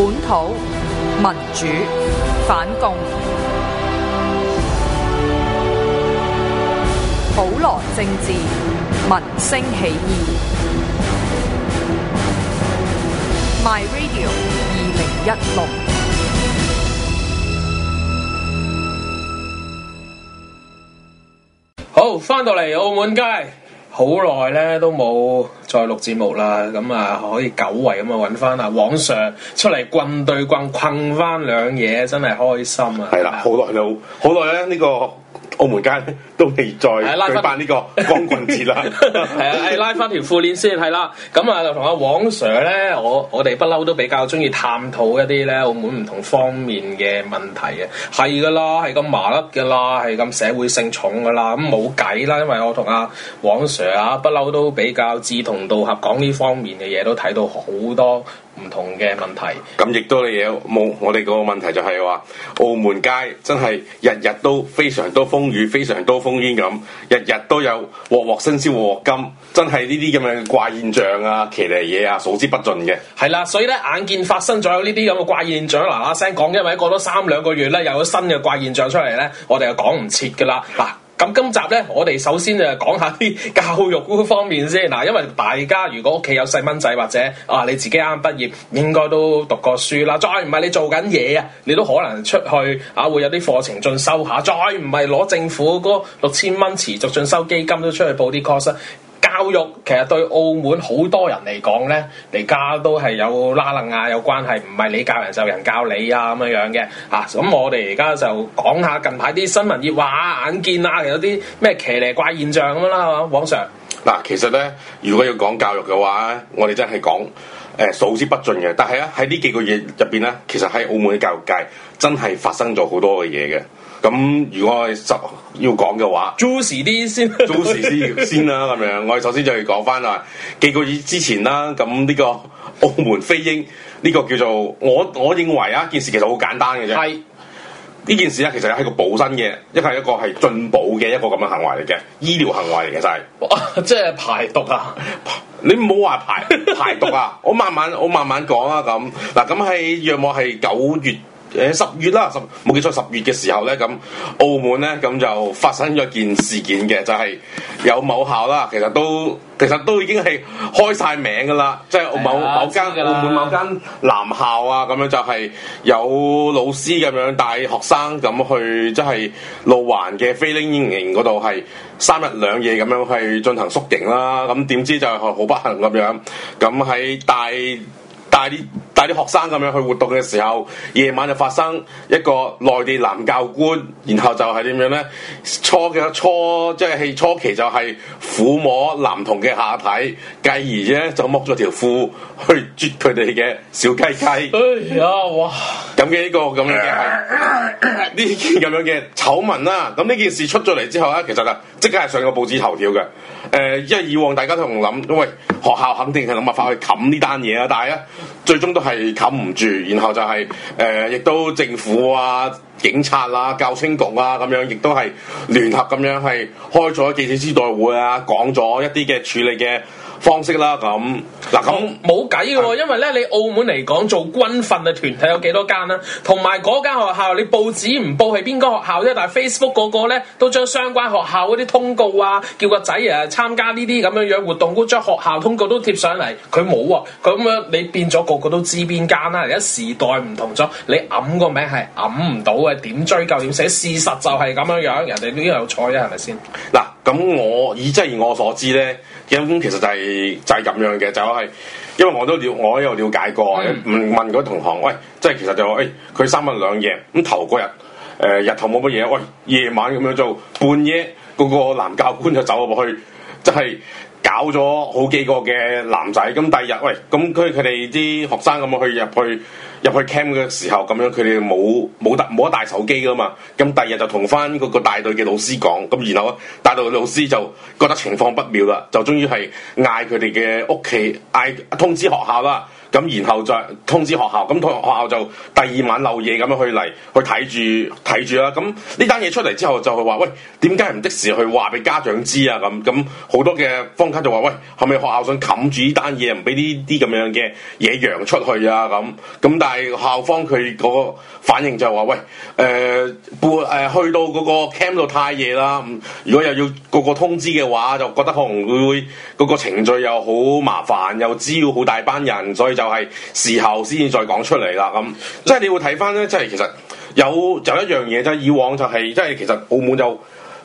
本土民主反共，普羅政治民生起義。My Radio 二零一六。好，翻到嚟澳門街，好耐咧都冇。再錄節目啦，咁啊可以久違，咁啊揾翻啊黃 Sir 出嚟棍對棍，棍翻兩嘢，真係開心啊！係啦了，好耐啦，好耐咧呢個。澳門街都未再舉辦呢個光棍節啦，係啊，拉翻條褲鏈先係啦。咁啊，同阿黃 sir 咧，我我哋不嬲都比較中意探討一啲咧澳門唔同方面嘅問題嘅，係噶啦，係咁麻甩噶啦，係咁社會性重噶啦，咁冇計啦。因為我同阿黃 sir 啊，不嬲都比較志同道合，講呢方面嘅嘢都睇到好多。唔同嘅問題，咁亦都你有冇。我哋個問題就係、是、話，澳門街真係日日都非常多風雨，非常多風煙咁，日日都有鑊鑊新鮮鑊，鑊鑊金，真係呢啲咁嘅怪現象啊，奇嚟嘢啊，數之不盡嘅。係啦，所以咧，眼見發生咗呢啲咁嘅怪現象，嗱嗱聲講，因為過多三兩個月咧，有咗新嘅怪現象出嚟咧，我哋又講唔切嘅啦。嗱、啊。咁今集咧，我哋首先就講下啲教育方面先。嗱，因為大家如果屋企有細蚊仔，或者啊你自己啱畢業，應該都讀過書啦。再唔係你做緊嘢啊，你都可能出去啊會有啲課程進修下。再唔係攞政府嗰六千蚊持續進修基金都出去報啲 course 教育其實對澳門好多人嚟講咧，嚟家都係有拉楞啊，有關係，唔係你教人就是、人教你啊咁樣樣嘅嚇。咁我哋而家就講下近排啲新聞熱話眼見啊，有啲咩騎呢怪怪現象咁樣啦。黃 Sir 嗱，其實咧，如果要講教育嘅話，我哋真係講誒數之不盡嘅。但係啊，喺呢幾個月入邊咧，其實喺澳門嘅教育界真係發生咗好多嘅嘢嘅。咁如果我哋要講嘅話，做時啲先，做時先 先啦咁樣。我哋首先就要講翻啦，幾個月之前啦，咁呢個澳門飛鷹呢個叫做我我認為啊，件事其實好簡單嘅啫。係呢是件事咧，其實係一個補身嘅，一個係一個係進補嘅一個咁嘅行為嚟嘅，醫療行為嚟嘅就係，即係排毒啊！你唔好話排排毒啊！ 我慢慢我慢慢講啦，咁嗱，咁係約莫係九月。誒，十月啦，十冇記錯，十月嘅時候咧，咁澳門咧咁就發生咗件事件嘅，就係、是、有某校啦，其實都其實都已經係開晒名噶啦，即、就、係、是、某某嘅澳門某間男校啊，咁樣就係有老師咁樣帶學生咁去，即係路環嘅飛鷹營嗰度係三日兩夜咁樣去進行縮營啦。咁點知就係好不幸咁樣，咁喺帶啲。帶帶啲學生咁樣去活動嘅時候，夜晚就發生一個內地男教官，然後就係點樣咧？初嘅初，即係初期就係撫摸男童嘅下體，繼而咧就剝咗條褲去啜佢哋嘅小雞雞。啊哇！咁嘅呢個咁樣嘅呢件咁樣嘅醜聞啦。咁呢件事出咗嚟之後啊，其實啊，即刻係上咗報紙頭條嘅。誒、呃，因為以往大家都仲諗，因為學校肯定係諗辦法去冚呢單嘢啊，但係咧。最終都係冚唔住，然後就係、是、誒，亦、呃、都政府啊、警察啊、教青局啊咁樣，亦都係聯合咁樣，係開咗記者招待會啊，講咗一啲嘅處理嘅。方式啦咁，嗱咁冇計嘅，啊、的因為咧你澳門嚟講做軍訓嘅團體有幾多間啦、啊，同埋嗰間學校你報紙唔報係邊間學校啫？但係 Facebook 個個咧都將相關學校嗰啲通告啊，叫個仔啊參加呢啲咁樣樣活動，都將學校通告都貼上嚟，佢冇啊，咁樣你變咗個個都知邊間啦。而家時代唔同咗，你揞個名係揞唔到嘅，點追究？點寫事實就係咁樣樣，人哋呢有錯啫，係咪先？嗱。咁我以即係我所知咧，根本其實就係就係咁樣嘅，就係、是就是、因為我都了，我有了解過，mm hmm. 問問嗰同行，喂，即係其實就話、是，誒、哎，佢三日兩夜，咁頭嗰日誒日頭冇乜嘢，喂，夜晚咁樣做，半夜嗰個男教官就走入去，即係搞咗好幾個嘅男仔，咁第二日喂，咁佢佢哋啲學生咁去入去。入去 camp 嘅時候咁樣，佢哋冇得帶手機㗎嘛，咁第二日就同返嗰個帶隊嘅老師講，咁然後帶隊嘅老師就覺得情況不妙啦，就終於係嗌佢哋嘅屋企嗌通知學校啦。咁然後再通知學校，咁同學校就第二晚漏夜咁樣去嚟去睇住睇住啦。咁呢單嘢出嚟之後就係話，喂，點解唔即時去話俾家長知啊？咁咁好多嘅坊間就話，喂，係咪學校想冚住呢單嘢，唔俾呢啲咁樣嘅嘢揚出去啊？咁咁但係校方佢嗰個反應就係話，喂，誒、呃，半誒、呃、去到嗰個 camp 度太夜啦，如果又要個個通知嘅話，就覺得可能佢會嗰、這個程序又好麻煩，又知要好大班人，所以。就係時候先至再講出嚟啦，咁即係你會睇翻咧，即係其實有就一樣嘢，即係以往就係、是、即係其實澳門就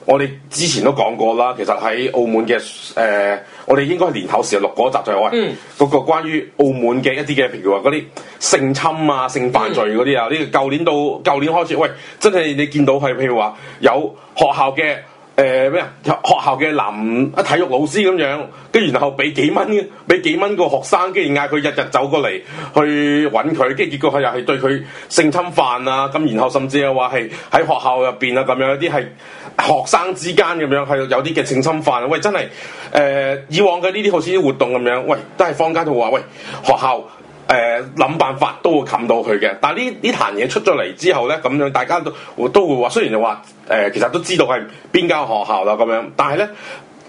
我哋之前都講過啦，其實喺澳門嘅誒、呃，我哋應該係年頭時啊錄過一集就係、是、喂，嗰個、嗯、關於澳門嘅一啲嘅，譬如話嗰啲性侵啊、性犯罪嗰啲啊，呢個舊年到舊年開始，喂，真係你見到係譬如話有學校嘅。誒咩、呃？學校嘅男一體育老師咁樣，跟住然後俾幾蚊，俾幾蚊個學生，跟住嗌佢日日走過嚟去揾佢，跟住結果佢又係對佢性侵犯啊！咁然後甚至又話係喺學校入邊啊咁樣，一啲係學生之間咁樣係有啲嘅性侵犯。喂，真係誒、呃！以往嘅呢啲好似啲活動咁樣，喂，都係坊間度話，喂，學校。誒，諗辦法都會冚到佢嘅，但係呢壇嘢出咗嚟之後呢，咁樣大家都會都會話，雖然就話誒，其實都知道係邊間學校啦，咁樣，但係呢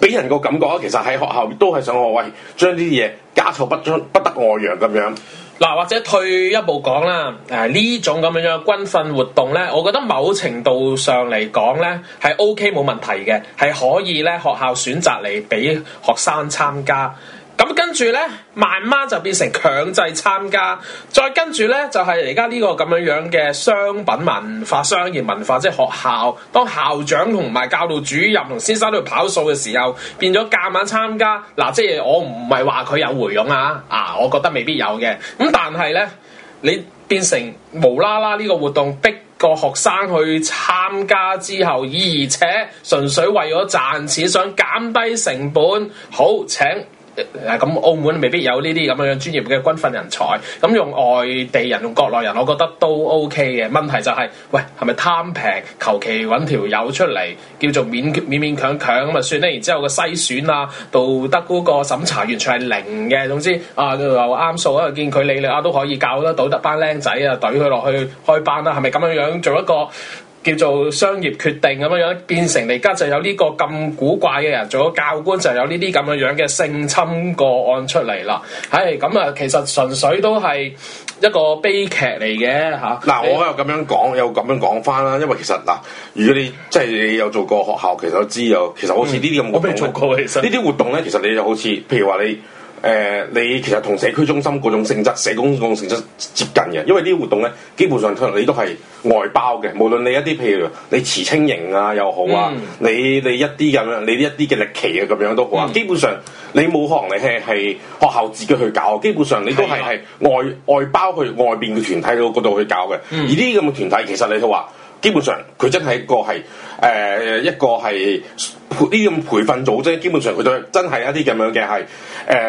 俾人個感覺其實喺學校都係想我為將呢啲嘢家醜不將不得外揚咁樣。嗱，或者退一步講啦，誒呢種咁樣樣軍訓活動呢，我覺得某程度上嚟講呢，係 OK 冇問題嘅，係可以呢學校選擇嚟俾學生參加。咁跟住呢，慢慢就變成強制參加。再跟住呢，就係而家呢個咁樣樣嘅商品文化、商業文化，即係學校當校長同埋教導主任同先生都喺度跑數嘅時候，變咗夾硬參加。嗱、啊，即係我唔係話佢有回佣啊，啊，我覺得未必有嘅。咁但係呢，你變成無啦啦呢個活動逼個學生去參加之後，而且純粹為咗賺錢，想減低成本，好，請。咁、嗯、澳門未必有呢啲咁樣樣專業嘅軍訓人才，咁、嗯、用外地人、同國內人，我覺得都 OK 嘅。問題就係、是，喂，係咪貪平，求其揾條友出嚟，叫做勉勉勉強強咁啊算咧？然後之後個篩選啊，道德嗰個審查完全係零嘅。總之啊，佢話啱數啊，見佢能力啊都可以教得到，得班靚仔啊懟佢落去開班啦、啊。係咪咁樣樣做一個？叫做商業決定咁樣樣，變成而家就有呢個咁古怪嘅人做咗教官，就有呢啲咁樣樣嘅性侵個案出嚟啦。係咁啊，其實純粹都係一個悲劇嚟嘅嚇。嗱、啊，我又咁樣講，有咁樣講翻啦。因為其實嗱，如果你即係、你、有做過學校，其實都知有，其實好似呢啲咁，我未做過。其實呢啲活動咧，其實你就好似，譬如話你。誒、呃，你其實同社區中心嗰種性質、社工嗰種性質接近嘅，因為呢啲活動咧，基本上你都係外包嘅。無論你一啲譬如你慈青營啊又好啊，好嗯、你你一啲咁樣，你一啲嘅歷奇啊咁樣都好啊。嗯、基本上你冇可能係係學校自己去搞，基本上你都係係外外包去外邊嘅團體嗰度去搞嘅。嗯、而啲咁嘅團體，其實你都話。基本上佢真係一個係誒、呃、一個係呢咁培訓組織，基本上佢都真係一啲咁樣嘅係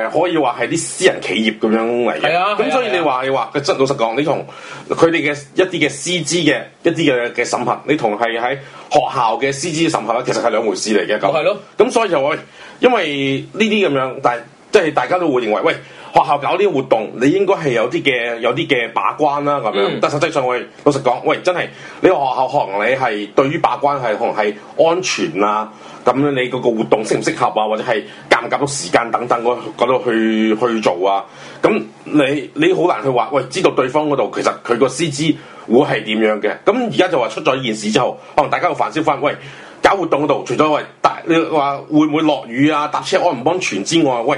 誒，可以話係啲私人企業咁樣嚟嘅。係啊，咁所以你話、啊啊、你話佢真老實講，你同佢哋嘅一啲嘅師資嘅一啲嘅嘅審核，你同係喺學校嘅師資審核，其實係兩回事嚟嘅。咁係咯，咁所以就我因為呢啲咁樣，但即係大家都會認為喂。學校搞啲活動，你應該係有啲嘅有啲嘅把關啦、啊，咁樣。但、嗯、實際上，我哋老實講，喂，真係你個學校學你係對於把關係，可能係安全啊，咁樣你嗰個活動適唔適合啊，或者係夾唔夾到時間等等嗰度去去做啊。咁你你好難去話，喂，知道對方嗰度其實佢個師資會係點樣嘅。咁而家就話出咗件事之後，可能大家又反思翻，喂，搞活動嗰度，除咗喂，你話會唔會落雨啊？搭車安唔安全之外，喂。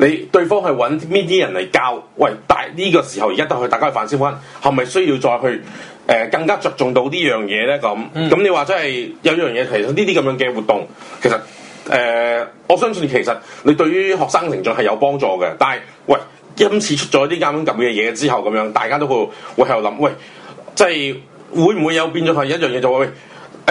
你對方係揾呢啲人嚟教？喂，但呢個時候而家都去大家去反思翻，係咪需要再去誒、呃、更加着重到呢樣嘢咧？咁咁、嗯、你話真係有樣嘢，其實呢啲咁樣嘅活動，其實誒、呃、我相信其實你對於學生成長係有幫助嘅。但係喂，因此出咗啲咁樣咁嘅嘢之後，咁樣大家都會會喺度諗，喂，即、就、係、是、會唔會有變咗係一樣嘢？就話喂，誒，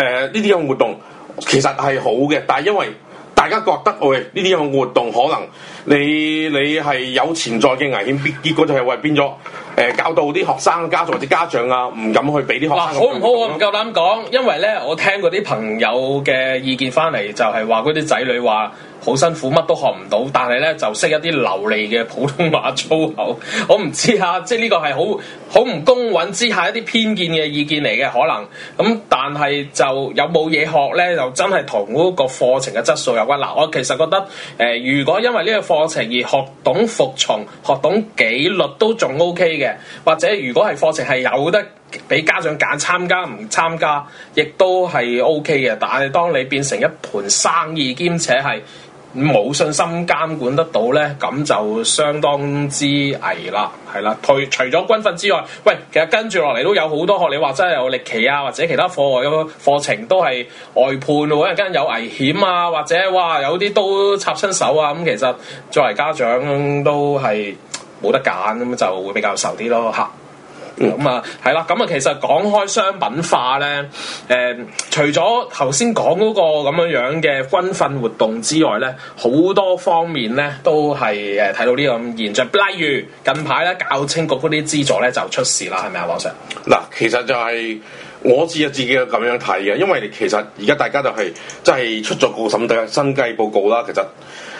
呢啲咁嘅活動其實係好嘅，但係因為大家覺得喂，呢啲咁嘅活動可能。你你係有潛在嘅危險，結果就係為變咗誒、呃，教導啲學生家屬或者家長啊，唔敢去俾啲學生。好唔好？我唔夠膽講，因為咧，我聽嗰啲朋友嘅意見翻嚟，就係話嗰啲仔女話。好辛苦，乜都學唔到，但係咧就識一啲流利嘅普通話粗口。我唔知啊，即係呢個係好好唔公允之下一啲偏見嘅意見嚟嘅，可能咁、嗯。但係就有冇嘢學呢？就真係同嗰個課程嘅質素有關。嗱、啊，我其實覺得誒、呃，如果因為呢個課程而學懂服從、學懂紀律都仲 OK 嘅，或者如果係課程係有得俾家長揀參加唔參加，亦都係 OK 嘅。但係當你變成一盤生意，兼且係～冇信心監管得到呢，咁就相當之危啦，係啦。除咗軍訓之外，喂，其實跟住落嚟都有好多學你話齋，有歷奇啊，或者其他課外嘅課程都係外判喎，一間有危險啊，或者哇，有啲刀插親手啊，咁其實作為家長都係冇得揀，咁就會比較愁啲咯，嚇。咁啊，係啦，嗯，咁啊，嗯，其實講開商品化咧，誒，除咗頭先講嗰個咁樣樣嘅軍訓活動之外咧，好多方面咧都係誒睇到呢個咁現象，不例如近排咧教青局嗰啲資助咧就出事啦，係咪啊，黃 Sir，嗱，其實就係我自嘅自己嘅咁樣睇嘅，因為其實而家大家就係即係出咗個審計新計報告啦，其實。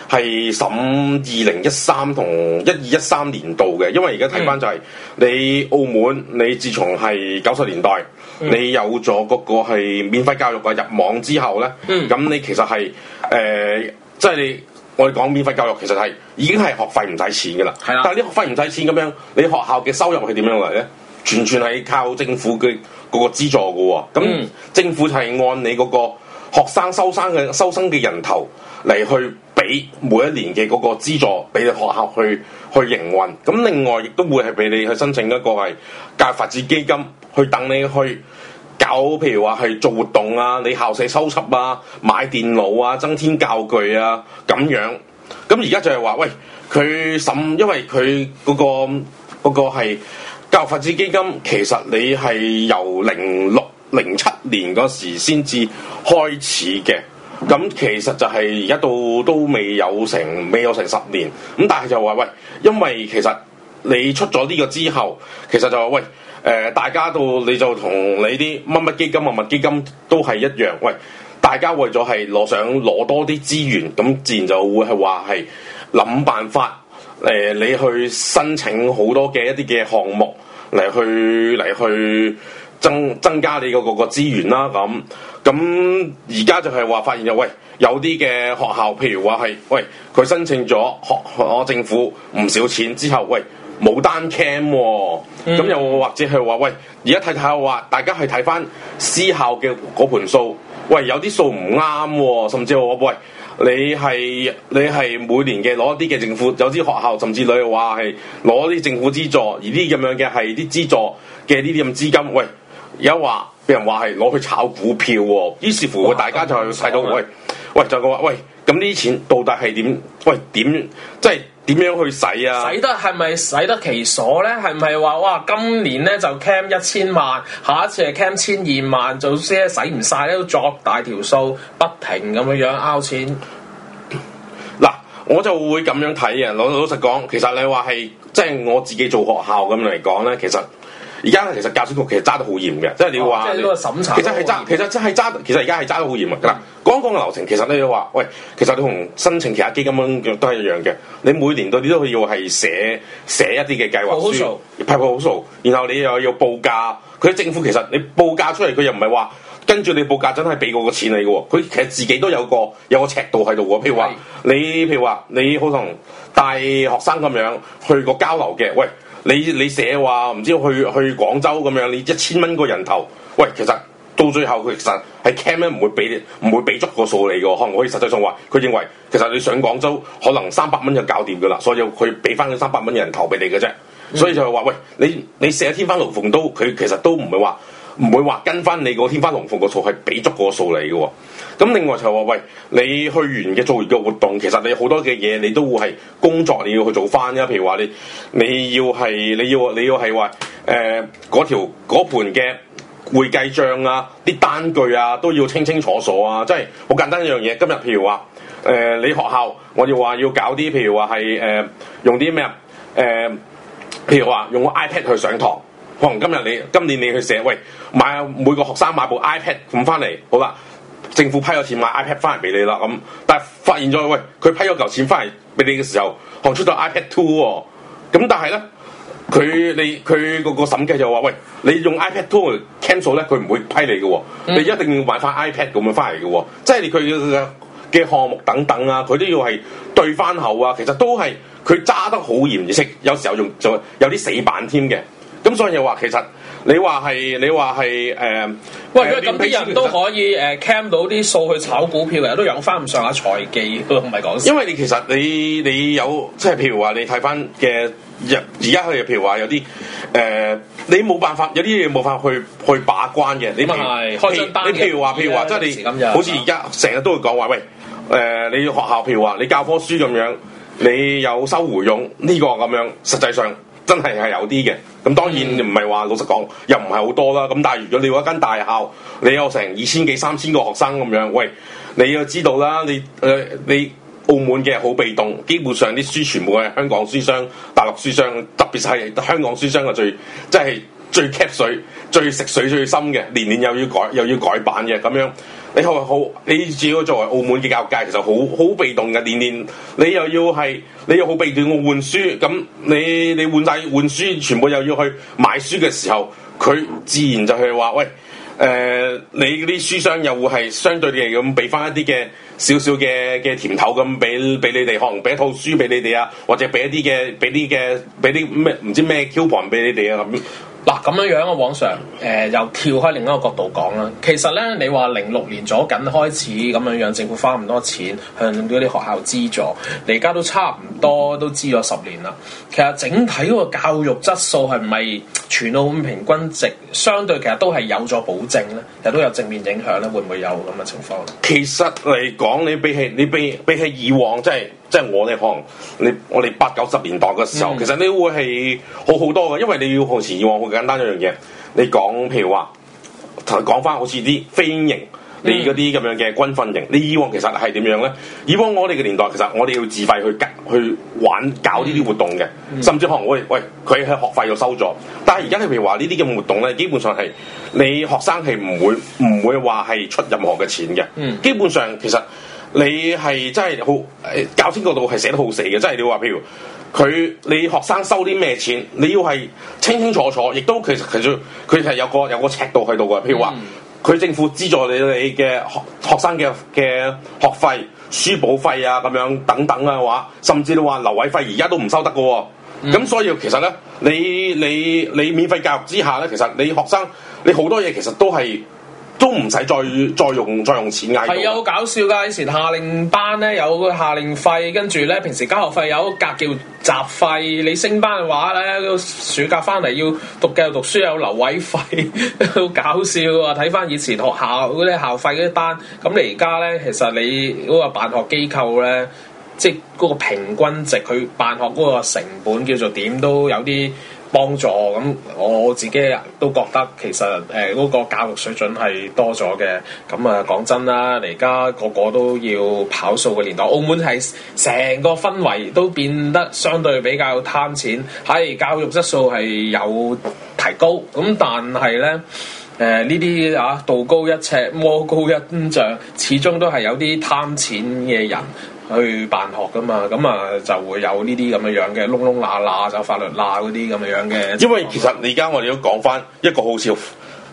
係審二零一三同一二一三年度嘅，因為而家睇翻就係、是嗯、你澳門，你自從係九十年代，嗯、你有咗嗰個係免費教育嘅入網之後咧，咁、嗯、你其實係誒，即、呃、係、就是、你、我哋講免費教育，其實係已經係學費唔使錢噶啦。係啦的，但係啲學費唔使錢咁樣，你學校嘅收入係點樣嚟咧？嗯、全全係靠政府嘅嗰個資助噶。咁、嗯、政府就係按你嗰個學生收生嘅收生嘅人頭。嚟去俾每一年嘅嗰個資助俾你學校去去營運，咁另外亦都會係俾你去申請一個係教育發展基金，去等你去搞，譬如話係做活動啊，你校舍修葺啊，買電腦啊，增添教具啊，咁樣。咁而家就係話，喂，佢審，因為佢嗰個嗰個係教育發展基金，其實你係由零六零七年嗰時先至開始嘅。咁其實就係而家到都未有成，未有成十年。咁但係就話喂，因為其實你出咗呢個之後，其實就話喂，誒、呃，大家到你就同你啲乜乜基金、乜乜基金都係一樣。喂，大家為咗係攞想攞多啲資源，咁自然就會係話係諗辦法，誒、呃，你去申請好多嘅一啲嘅項目嚟去嚟去增增加你嘅各個資源啦咁。咁而家就係話發現有喂，有啲嘅學校，譬如話係，喂，佢申請咗學學政府唔少錢之後，喂，冇單 cam 喎、哦，咁、嗯、又或者係話，喂，而家睇睇下話，大家係睇翻私校嘅嗰盤數，喂，有啲數唔啱喎，甚至我話，喂，你係你係每年嘅攞一啲嘅政府，有啲學校甚至你話係攞啲政府資助，而啲咁樣嘅係啲資助嘅呢啲咁資金，喂，有話。俾人話係攞去炒股票喎、哦，於是乎大家就睇到喂，喂就係話喂，咁呢啲錢到底係點？喂點即係點樣去使啊？使得係咪使得其所咧？係咪話哇？今年咧就 cam 一千萬，下一次係 cam 千二萬，做咩使唔曬咧？呢都作大條數，不停咁樣樣拗錢。嗱，我就會咁樣睇嘅。老老實講，其實你話係即係我自己做學校咁嚟講咧，其實。而家其實教局其實揸得好嚴嘅，哦、你你即係你話，即係個審查其實係揸，其實真係揸，其實而家係揸得好嚴啊！嗱，講講個流程，其實你話，喂，其實你同申請其他基金咁樣都係一樣嘅。你每年到你都要係寫寫一啲嘅計劃書，批過好數，然後你又要報價。佢政府其實你報價出嚟，佢又唔係話跟住你報價真係俾個個錢你嘅。佢其實自己都有個有個尺度喺度嘅。譬如話是你，譬如話你好同大學生咁樣去個交流嘅，喂。你你寫話唔知去去廣州咁樣，你一千蚊個人頭，喂，其實到最後佢其實係 cam 咧，唔會俾唔會俾足個數你噶，可能可以實際上話，佢認為其實你上廣州可能三百蚊就搞掂噶啦，所以佢俾翻佢三百蚊嘅人頭俾你嘅啫，所以就係話，嗯、喂，你你，你寫天花龍鳳都，佢其實都唔係話。唔會話跟翻你個天花龍鳳個數係俾足個數你嘅喎，咁另外就係話，喂，你去完嘅做完嘅活動，其實你好多嘅嘢你都會係工作你要去做翻嘅，譬如話你你要係你要你要係話，誒嗰條嗰盤嘅會計帳啊，啲單據啊都要清清楚楚啊，即係好簡單一樣嘢。今日譬如話，誒你學校我要話要搞啲譬如話係誒用啲咩啊誒，譬如話用個 iPad 去上堂。可能今日你今年你去寫，喂，買每個學生買部 iPad 送翻嚟，好啦，政府批咗錢買 iPad 翻嚟俾你啦咁、嗯。但係發現咗，喂，佢批咗嚿錢翻嚟俾你嘅時候，行出咗 iPad Two 喎、哦。咁但係咧，佢你佢個個審計就話，喂，你用 iPad Two cancel 咧，佢唔會批你嘅、哦。嗯、你一定要買翻 iPad 咁樣翻嚟嘅，即係佢嘅嘅項目等等啊，佢都要係對翻後啊。其實都係佢揸得好嚴，而且有時候就有啲死板添嘅。咁、嗯、所以又話，其實你話係，你話係，誒、呃，喂，如果咁啲人都可以誒 cam 到啲數去炒股票嘅，都養翻唔上下財、嗯啊、技，唔係講。因為你其實你你有，即係譬如話你睇翻嘅，日，而家佢又譬如話有啲，誒、呃，你冇辦法，有啲嘢冇法去去把關嘅。嗯嗯、你譬如，你譬如話、啊，譬如話，啊、即係你，好似而家成日都會講話喂，誒、呃，你學校譬如話你教科書咁樣，樣，你有收回佣呢個咁樣，實際上。真係係有啲嘅，咁當然唔係話老實講，又唔係好多啦。咁但係如果你話一間大校，你有成二千幾三千個學生咁樣，喂，你要知道啦，你誒、呃、你澳門嘅好被動，基本上啲書全部係香港書商、大陸書商，特別係香港書商嘅最，即、就、係、是。最吸水、最食水、最深嘅，年年又要改又要改版嘅咁樣，你係好，好你只要作為澳門嘅教育界，其實好好被動嘅，年年你又要係你又好被動換書，咁你你換曬換書，全部又要去買書嘅時候，佢自然就係話喂，誒、呃、你啲書商又會係相對地咁俾翻一啲嘅少少嘅嘅甜頭咁，俾俾你哋可能俾一套書俾你哋啊，或者俾一啲嘅俾啲嘅俾啲咩唔知咩 coupon 俾你哋啊咁。嗱咁樣樣啊，黃 Sir 誒又跳開另一個角度講啦。其實咧，你話零六年左近開始咁樣樣，政府花咁多錢向啲學校資助，你而家都差唔多都資咗十年啦。其實整體嗰個教育質素係咪全澳咁平均值相對其實都係有咗保證咧，亦都有正面影響咧，會唔會有咁嘅情況？其實嚟講，你比起你比比起以往，即係。即係我哋可能你我哋八九十年代嘅時候，mm hmm. 其實你會係好好多嘅，因為你要好似以往好簡單一樣嘢。你講譬如話，講翻好似啲飛型，mm hmm. 你嗰啲咁樣嘅軍訓型，你以往其實係點樣咧？以往我哋嘅年代，其實我哋要自費去去玩搞呢啲活動嘅，mm hmm. 甚至可能會喂佢係學費又收咗。但係而家你譬如話呢啲咁嘅活動咧，基本上係你學生係唔會唔會話係出任何嘅錢嘅。Mm hmm. 基本上其實。你係真係好搞清楚度，係寫得好死嘅。即係你話，譬如佢你學生收啲咩錢，你要係清清楚楚，亦都其實其實佢係有個有個尺度喺度嘅。譬如話，佢、嗯、政府資助你你嘅學學生嘅嘅學費、書簿費啊咁樣等等嘅話，甚至你話留位費而家都唔收得嘅，哦。咁、嗯、所以其實咧，你你你，你免費教育之下咧，其實你學生你好多嘢其實都係。都唔使再再用再用錢嗌，係好搞笑㗎，以前夏令班咧有個夏令費，跟住咧平時交學費有個格叫集費。你升班嘅話咧，暑假翻嚟要讀繼續讀，讀書有留位費，好 搞笑啊！睇翻以前學校嗰啲校費嗰啲單，咁你而家咧，其實你嗰個辦學機構咧，即係嗰個平均值，佢辦學嗰個成本叫做點都有啲。幫助咁，我自己都覺得其實誒嗰、呃那個教育水準係多咗嘅。咁啊講真啦，而家個個都要跑數嘅年代，澳門係成個氛圍都變得相對比較貪錢。係、哎、教育質素係有提高，咁但係呢誒呢啲、呃、啊道高一尺魔高一丈，始終都係有啲貪錢嘅人。去辦學噶嘛，咁啊就會有呢啲咁嘅樣嘅窿窿罅罅，就法律罅嗰啲咁嘅樣嘅。因為其實你而家我哋都講翻一個好似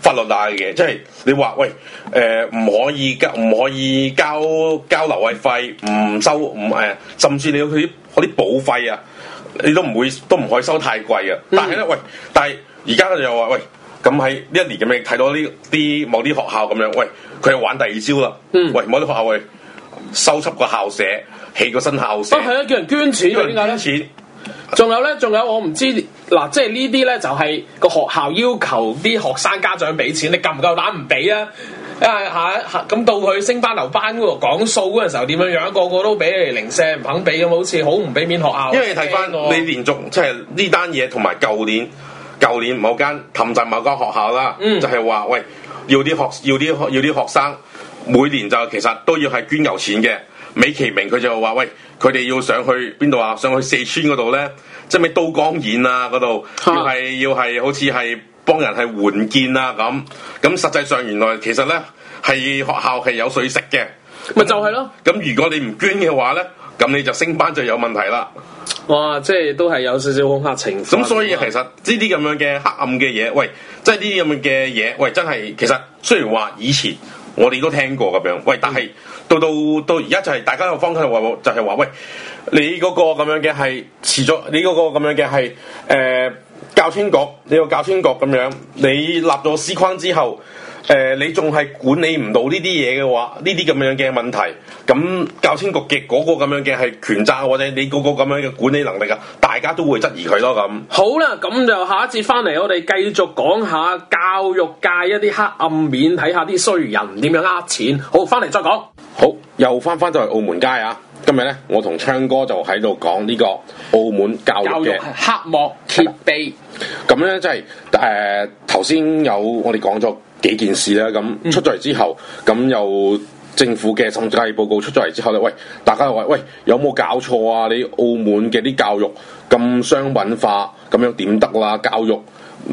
法律罅嘅嘢，即係你話喂誒唔、呃、可，可以交唔可以交交留位費，唔收唔誒，甚至你佢啲嗰保費啊，你都唔會都唔可以收太貴啊。但係咧、嗯、喂，但係而家就話喂咁喺呢一年咁嘅睇到呢啲某啲學校咁樣，喂佢又玩第二招啦。嗯，喂某啲學校喂。收葺個校舍，起個新校舍。不係啊，叫人捐錢點解咧？錢。仲有咧，仲有我唔知嗱，即係呢啲咧就係個學校要求啲學生家長俾錢，你夠唔夠膽唔俾啊？因為吓吓咁到佢升班留班度講數嗰陣時候點樣樣，個個都俾你零舍唔肯俾咁，好似好唔俾面學校。因為你睇翻你連續即係呢單嘢，同埋舊年舊年某間氹陣某間學校啦，嗯、就係話喂，要啲學要啲要啲學學生。每年就其實都要係捐油錢嘅，美其名佢就話：喂，佢哋要上去邊度啊？上去四川嗰度咧，即係咩都江堰啊嗰度，啊，要係要係好似係幫人係援建啊咁。咁實際上原來其實咧係學校係有水食嘅，咪那就係咯。咁如果你唔捐嘅話咧，咁你就升班就有問題啦。哇！即係都係有少少恐嚇情況。咁所以其實呢啲咁樣嘅黑暗嘅嘢，喂，即係呢啲咁樣嘅嘢，喂，真係其實雖然話以前。我哋都聽過咁樣，喂！但係到到到而家就係、是、大家個方向就係話喂，你嗰個咁樣嘅係持咗，你嗰個咁樣嘅係誒教青局。」你個教青局咁樣，你立咗絲框之後。誒、呃，你仲係管理唔到呢啲嘢嘅話，呢啲咁樣嘅問題，咁教青局嘅嗰個咁樣嘅係權責，或者你個個咁樣嘅管理能力啊，大家都會質疑佢咯咁。好啦，咁就下一節翻嚟，我哋繼續講下教育界一啲黑暗面，睇下啲衰人點樣呃錢。好，翻嚟再講。好，又翻翻到嚟澳門街啊！今日咧，我同鏘哥就喺度講呢個澳門教育嘅黑幕揭秘。咁咧吧，即係誒，頭先、就是呃、有我哋講咗。幾件事啦，咁、嗯、出咗嚟之後，咁又政府嘅審計報告出咗嚟之後咧，喂，大家又話喂，有冇搞錯啊？你澳門嘅啲教育咁商品化，咁樣點得啦？教育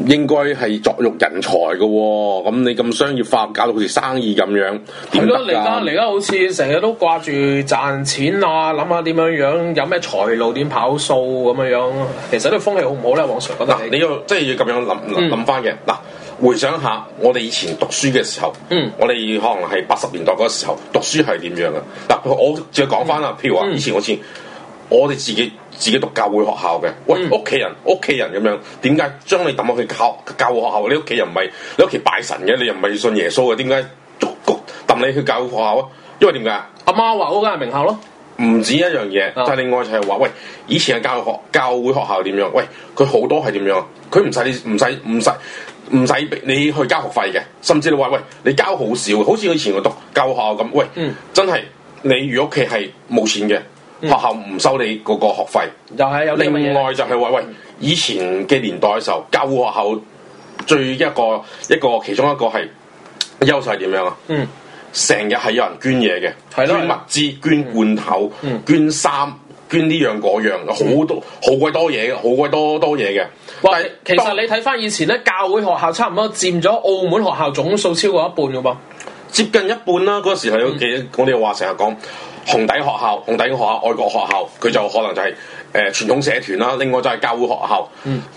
應該係作育人才嘅，哦、咁、嗯、你咁商業化，搞到好似生意咁樣，係咯？嚟家嚟家好似成日都掛住賺錢啊，諗下點樣樣，有咩財路，點跑數咁樣樣。其實呢個風氣好唔好咧？往常嗱，你要，即、就、係、是、要咁樣諗諗翻嘅嗱。回想下我哋以前讀書嘅時候，嗯、我哋可能係八十年代嗰時候讀書係點樣嘅？嗱，我再講翻啦，譬如話以前、嗯、我似我哋自己自己讀教會學校嘅，喂，屋企、嗯、人屋企人咁樣，點解將你抌落去教教會學校？你屋企人唔係你屋企拜神嘅，你又唔係信耶穌嘅，點解逐谷抌你去教會學校啊？因為點解阿媽話嗰間係名校咯，唔止一樣嘢，但係另外就係話喂，以前嘅教學教會學校點樣？喂，佢好多係點樣？佢唔使唔使唔使。唔使你去交學費嘅，甚至你話喂，你交好少，好似以前我讀舊校咁，喂，嗯、真係你如果屋企係冇錢嘅，嗯、學校唔收你嗰個學費。又係有另外就係、是、話喂，嗯、以前嘅年代嘅時候，舊學校最一個一個其中一個係優勢點樣啊？嗯，成日係有人捐嘢嘅，嗯、捐物資、捐罐頭、嗯、捐衫、捐呢樣嗰樣，好多好鬼多嘢嘅，好鬼多多嘢嘅。喂，其實你睇翻以前咧，教會學校差唔多佔咗澳門學校總數超過一半嘅噃，接近一半啦、啊。嗰時係有幾、嗯、我哋我哋話成日講。紅底學校、紅底嘅學校、愛國學校，佢就可能就係誒傳統社團啦。另外就係教會學校，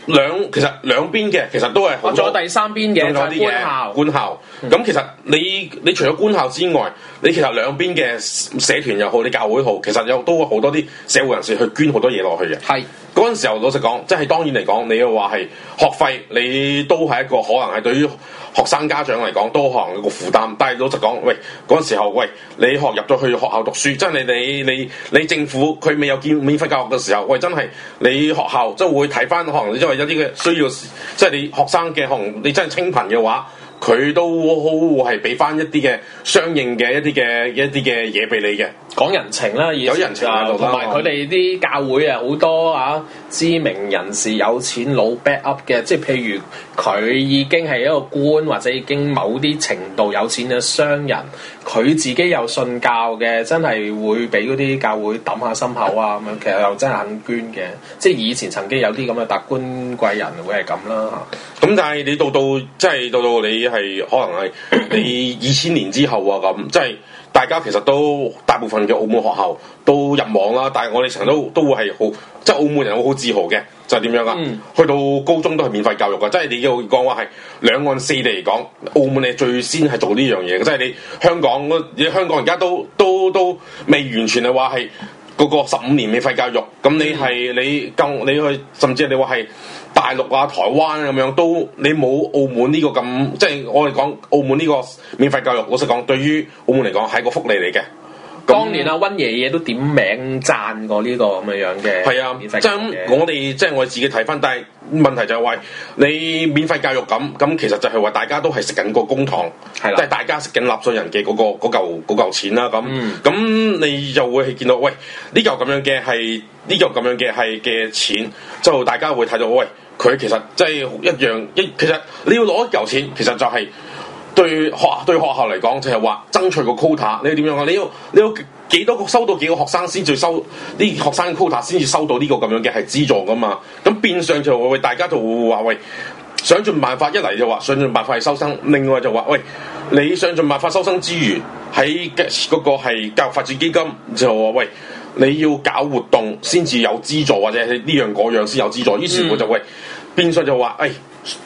兩其實兩邊嘅其實都係。我咗第三邊嘅，仲有啲嘅官校。官校咁其實你你除咗官校之外，你其實兩邊嘅社團又好，你教會又好，其實有都好多啲社會人士去捐好多嘢落去嘅。係嗰陣時候老實講，即係當然嚟講，你又話係學費，你都係一個可能係對於學生家長嚟講都可能一個負擔。但係老實講，喂嗰陣時候，喂你學入咗去學校讀書。真係你你你政府佢未有建免費教育嘅時候，喂真係你學校即係會睇翻可能，因為有啲嘅需要，即係你學生嘅可能你真係清貧嘅話，佢都好好會係俾翻一啲嘅相應嘅一啲嘅一啲嘅嘢俾你嘅。講人情啦，有人情。同埋佢哋啲教會啊，好多啊知名人士有錢佬 back up 嘅，即係譬如佢已經係一個官，或者已經某啲程度有錢嘅商人，佢自己又信教嘅，真係會俾嗰啲教會抌下心口啊咁樣，其實又真係肯捐嘅。即係以前曾經有啲咁嘅達官貴人會係咁啦吓。咁、嗯、但係你到到即係到到你係可能係你二千年之後啊咁，即係。大家其實都大部分嘅澳門學校都入網啦，但係我哋成日都都會係好，即係澳門人會好自豪嘅，就係、是、點樣啊？嗯、去到高中都係免費教育嘅，即係你要講話係兩岸四地嚟講，澳門你最先係做呢樣嘢嘅，即係你香港，香港而家都都都未完全係話係嗰個十五年免費教育，咁你係、嗯、你夠你去，甚至你話係。大陸啊、台灣咁樣都你冇澳門呢個咁，即係我哋講澳門呢個免費教育，老實講對於澳門嚟講係個福利嚟嘅。嗯、當年阿温爺爺都點名讚過呢個咁嘅樣嘅。係啊，即係我哋即係我自己睇返，但係問題就係、是、話你免費教育咁，咁其實就係話大家都係食緊個公帑，即係的大家食緊納稅人嘅嗰、那個嗰嚿嗰嚿錢啦。咁咁、嗯、你就會係見到喂呢嚿咁樣嘅係呢嚿咁樣嘅係嘅錢，就大家會睇到喂。佢其實即係一樣一，其實你要攞一嚿錢，其實就係對學對學校嚟講，就係、是、話爭取個 quota，你要點樣啊？你要你要幾多個收到幾個學生先至收呢？學生 quota 先至收到呢個咁樣嘅係資助噶嘛？咁變相就會大家就話喂，想盡辦法一嚟就話想盡辦法係收生，另外就話喂，你想盡辦法收生之餘，喺嗰、那個係教育發展基金就話喂，你要搞活動先至有資助，或者係呢樣嗰樣先有資助，於是我就喂。嗯變相就話，誒、哎，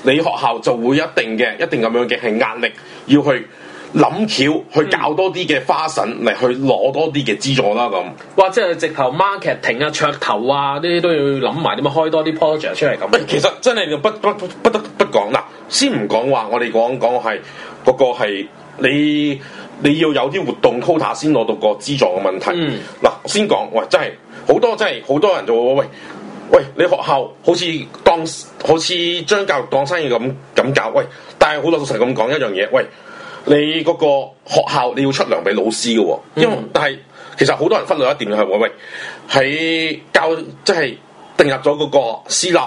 你學校就會一定嘅，一定咁樣嘅係壓力，要去諗橋，去搞多啲嘅花臣嚟、嗯、去攞多啲嘅資助啦咁。哇！即係直頭 marketing 啊、噱頭啊，呢啲都要諗埋點樣開多啲 project 出嚟咁。唔、哎、其實真係不不不得不，不，不，不，不講嗱，先唔講話，我哋講講係嗰、那個係你你要有啲活動 quota 先攞到個資助嘅問題。嗱、嗯，先講喂，真係好多真係好多，多人就喂。喂喂，你學校好似當好似將教育當生意咁咁教，喂，但係好老實咁講一樣嘢，喂，你嗰個學校你要出糧俾老師嘅喎，因為、嗯、但係其實好多人忽略一點係、就、話、是，喂，喺教即係、就是、訂立咗嗰個私立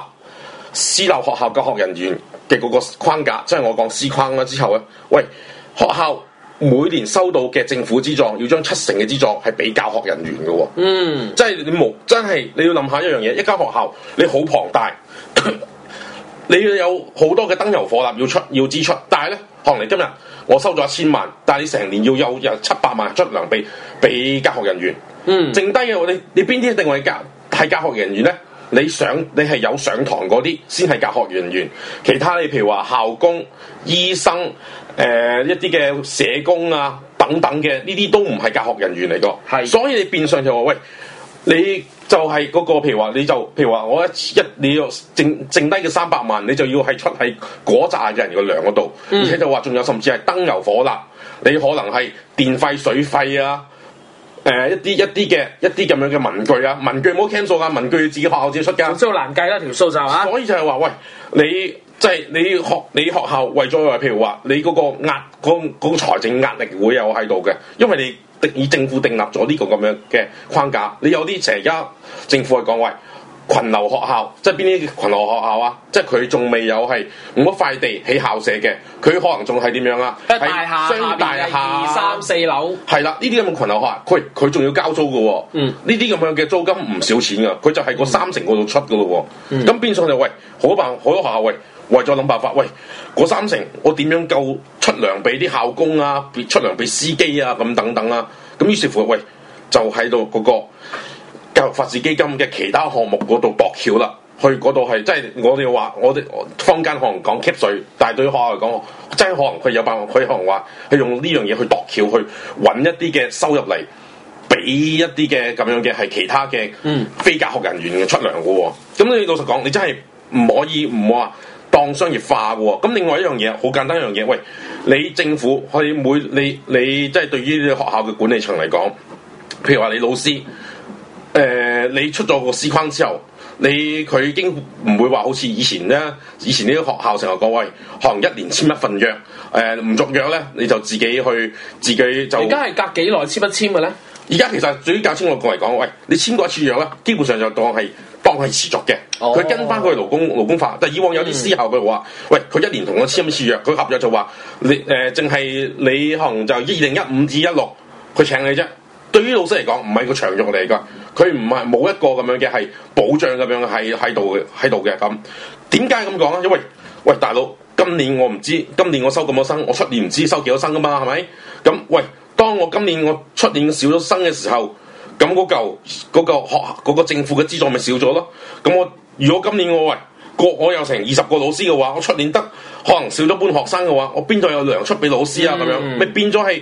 私立學校教學人員嘅嗰個框架，即係我講私框啦之後咧，喂，學校。每年收到嘅政府資助，要將七成嘅資助係俾教學人員嘅喎。嗯，即係你無真係你要諗下一樣嘢，一間學校你好龐大， 你要有好多嘅燈油火蠟要出要支出，但係咧，學你今日我收咗一千萬，但係你成年要有有七百萬出糧俾俾教學人員。嗯，剩低嘅我你你邊啲定位教係教學人員咧？你上你係有上堂嗰啲先係教學人員，其他你譬如話校工、醫生。誒、呃，一啲嘅社工啊，等等嘅呢啲都唔係教學人員嚟噶，係是，所以你變相就話喂，你就係嗰、那個，譬如話，你就譬如話，我一一你要剩剩低嘅三百萬，你就要係出喺嗰扎人個糧嗰度，嗯、而且就話仲有，甚至係燈油火蠟，你可能係電費、水費啊，誒、呃，一啲一啲嘅一啲咁樣嘅文具啊，文具唔好 cancel 啊，文具自己學校自己出噶，所以難計啦條數就啊，嗯、所以就係話喂，你。即係你學你學校為咗譬如話你嗰個壓嗰、嗰個、財政壓力會有喺度嘅，因為你定以政府訂立咗呢個咁樣嘅框架。你有啲成家政府係講喂，群流學校即係邊啲群流學校啊？即係佢仲未有係用嗰塊地起校舍嘅，佢可能仲係點樣啊？係商大，大下二三四樓係啦，呢啲咁嘅群流學校，佢佢仲要交租嘅喎。嗯，呢啲咁樣嘅租金唔少錢㗎，佢就係個三成嗰度出㗎咯。嗯，咁變相就喂，好多辦好多學校喂。為咗諗辦法，喂，嗰三成我點樣夠出糧俾啲校工啊？出糧俾司機啊？咁等等啦，啊，咁於是乎，喂，就喺度嗰個教育發展基金嘅其他項目嗰度度橋啦，去嗰度係即係我哋話我哋坊間可能講 keep 稅，但係對於學校嚟講，真係可能佢有辦法，佢可能話係用呢樣嘢去度橋，去搵一啲嘅收入嚟俾一啲嘅咁樣嘅係其他嘅非教學人員嘅出糧噶，咁，嗯，你老實講，你真係唔可以唔好話。當商業化喎，咁另外一樣嘢，好簡單一樣嘢。喂，你政府去每你你即係對於學校嘅管理層嚟講，譬如話你老師，誒、呃、你出咗個師框之後，你佢已經唔會話好似以前咧，以前呢啲學校成日講喂，可能一年簽一份約，誒唔續約咧，你就自己去自己就。而家係隔幾耐簽不簽嘅咧？而家其實對於教青局嚟講，喂，你簽過一次約咧，基本上就當、是、係。我係持續嘅，佢、oh. 跟翻佢勞工勞工法，但以往有啲私校嘅話，mm. 喂，佢一年同我簽一次約，佢合約就話，你誒，淨、呃、係你可能就二零一五至一六，佢請你啫。對於老師嚟講，唔係個長約嚟噶，佢唔係冇一個咁樣嘅係保障咁樣係喺度嘅喺度嘅咁。點解咁講啊？因為喂大佬，今年我唔知，今年我收咁多生，我出年唔知收幾多生噶嘛，係咪？咁喂，當我今年我出年我少咗生嘅時候。咁嗰嚿嗰嚿學個政府嘅資助咪少咗咯。咁我如果今年我喂，我我有成二十個老師嘅話，我出年得可能少咗半學生嘅話，我邊度有糧出俾老師啊？咁、嗯、樣咪變咗係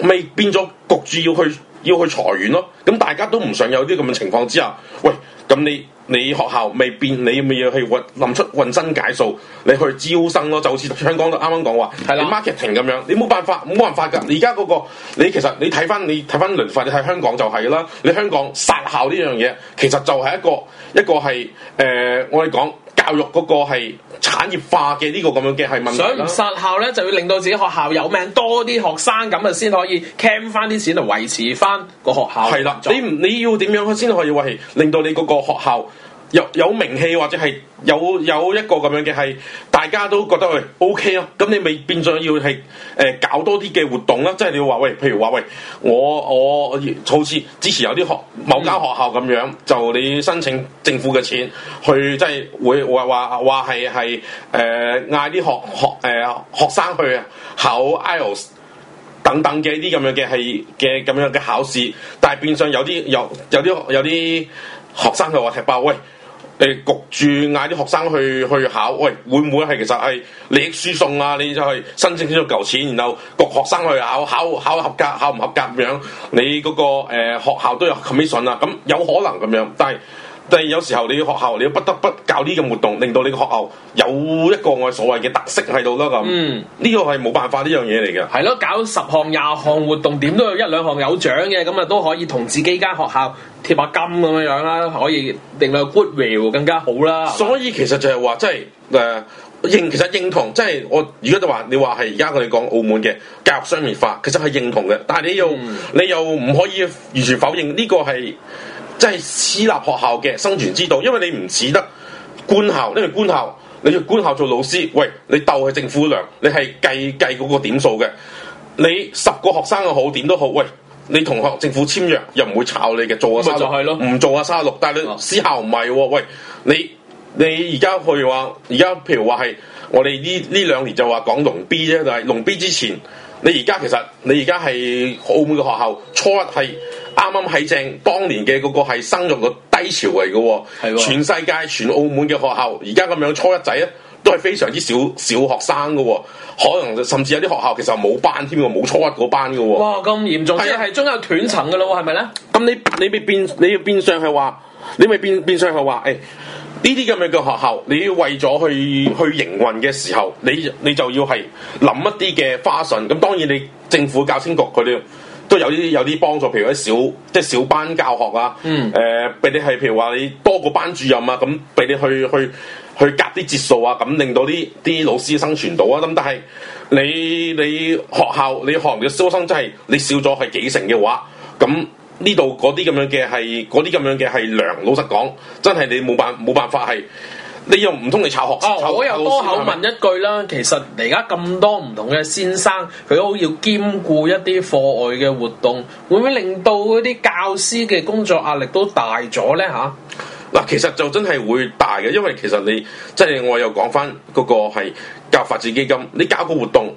咪變咗焗住要去要去裁員咯？咁大家都唔想有啲咁嘅情況之下，喂，咁你？你學校未變，你咪要去運臨出渾身解數，你去招生咯。就好似香港都啱啱講話，係啦的 marketing 咁樣，你冇辦法，冇冇辦法㗎。而家嗰個你其實你睇翻你睇翻聯發，你睇香港就係啦。你香港殺校呢樣嘢，其實就係一個一個係誒、呃，我哋講教育嗰個係。.產業化嘅呢個咁樣嘅係問題，想唔殺校咧，就要令到自己學校有名多啲學生咁啊，先可以 cam 翻啲錢嚟維持翻個學校。係啦，你唔你要點樣先可以話係令到你嗰個學校？有有名氣或者係有有一個咁樣嘅係，大家都覺得喂 OK 啊，咁你咪變咗要係誒、嗯、搞多啲嘅活動啦，即、就、係、是、你要話喂，譬如話喂，我我好似之前有啲學某間學校咁樣，就是、你申請政府嘅錢去，即係會話話話係係誒嗌啲學學誒學生去考 IELTS 等等嘅啲咁樣嘅係嘅咁樣嘅考試，但係變相有啲有有啲有啲學生係話踢爆喂。誒焗住嗌啲學生去去考，喂會唔會係其實係利益輸送啊？你就係申請咗啲舊錢，然後焗學生去考考考合格，考唔合格咁樣，你嗰、那個誒、呃、學校都有 commission 啊，咁有可能咁樣，但係。但係有時候你學校你要不得不搞呢個活動，令到你個學校有一個我所謂嘅特色喺度咯咁。呢、嗯、個係冇辦法呢樣嘢嚟嘅。係咯，搞十項廿項活動，點都有一兩項有獎嘅，咁啊都可以同自己間學校貼下金咁樣樣啦，可以令到 goodwill 更加好啦。所以其實就係話，即係誒、呃、認，其實認同，即係我而家就話你話係而家我哋講澳門嘅教育商業化，其實係認同嘅，但係你，嗯、你又你又唔可以完全否認呢、這個係。即係私立學校嘅生存之道，因為你唔似得官校，因為官校你去官校做老師，喂，你斗係政府糧，你係計計嗰個點數嘅，你十個學生又好，點都好，喂，你同學政府簽約又唔會炒你嘅，做啊卅六唔做啊卅六，但係你私校唔係喎，喂，你你而家譬如話，而家譬如話係我哋呢呢兩年就話講龍 B 啫，就係龍 B 之前。你而家其實，你而家係澳門嘅學校初一係啱啱喺正當年嘅嗰個係生育個低潮嚟嘅，係喎、哦。全世界全澳門嘅學校而家咁樣初一仔咧，都係非常之少小學生嘅，可能甚至有啲學校其實冇班添喎，冇初一嗰班嘅喎。哇！咁嚴重，係係仲有斷層嘅咯，係咪咧？咁你你咪變你要變相係話，你咪變變相係話誒。呢啲咁樣嘅學校，你要為咗去去營運嘅時候，你你就要係諗一啲嘅花臣。咁當然你政府教青局佢哋都有啲有啲幫助，譬如話小即係、就是、小班教學啊，誒俾你係譬如話你多個班主任啊，咁俾你去去去，去夾啲節數啊，咁令到啲啲老師生存到啊。咁但係你你學校你學業嘅招生真、就、係、是、你少咗係幾成嘅話，咁。呢度嗰啲咁樣嘅係，嗰啲咁樣嘅係梁老實講，真係你冇辦冇辦法係，你又唔通你炒學？我又多口，吧口問一句啦，其實而家咁多唔同嘅先生，佢都要兼顧一啲課外嘅活動，會唔會令到嗰啲教師嘅工作壓力都大咗咧？吓嗱，其實就真係會大嘅，因為其實你即係、就是、我有講翻嗰個係教法治基金，你搞個活動，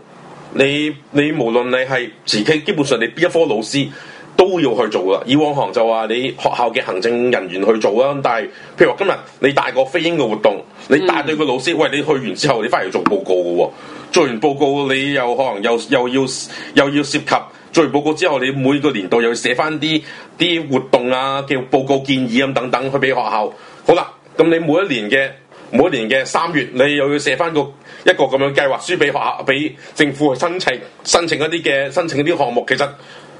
你你，你無論你係自己，基本上你邊一科老師。都要去做啦。以往行就話你學校嘅行政人員去做啦，但係譬如話今日你帶個飛鷹嘅活動，你帶隊個老師，嗯、喂，你去完之後你翻嚟做報告嘅喎、哦。做完報告你又可能又又要又要涉及，做完報告之後你每個年度又要寫翻啲啲活動啊，叫報告建議咁等等去俾學校。好啦，咁你每一年嘅每一年嘅三月，你又要寫翻個一個咁樣計劃書俾學校，俾政府去申請，申請一啲嘅申請一啲項目，其實。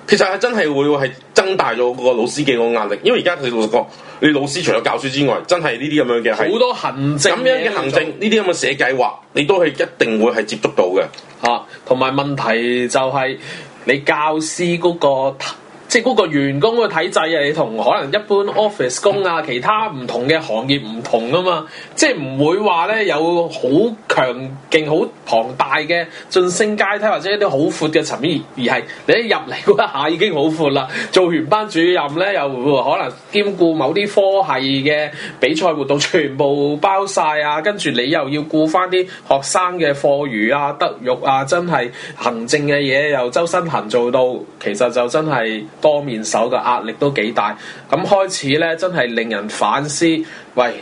其實係真係會係增大咗個老師嘅個壓力，因為而家你老實講，你老師除咗教書之外，真係呢啲咁樣嘅，好多行政咁樣嘅行政，呢啲咁嘅寫計劃，你都係一定會係接觸到嘅。吓、啊，同埋問題就係、是、你教師嗰、那個。即係嗰個員工嘅體制啊，你同可能一般 office 工啊，其他唔同嘅行業唔同噶嘛，即係唔會話咧有好強勁、好龐大嘅晉升階梯或者一啲好闊嘅層面，而係你一入嚟嗰一下已經好闊啦。做完班主任咧，又可能兼顧某啲科系嘅比賽活動，全部包晒啊。跟住你又要顧翻啲學生嘅課餘啊、德育啊，真係行政嘅嘢又周身行做到，其實就真係。多面手嘅壓力都幾大，咁開始咧真係令人反思，喂，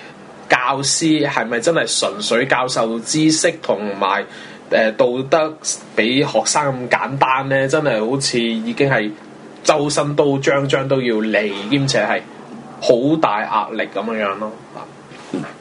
教師係咪真係純粹教授知識同埋誒道德俾學生咁簡單咧？真係好似已經係周身刀，張張都要嚟，兼且係好大壓力咁樣樣咯。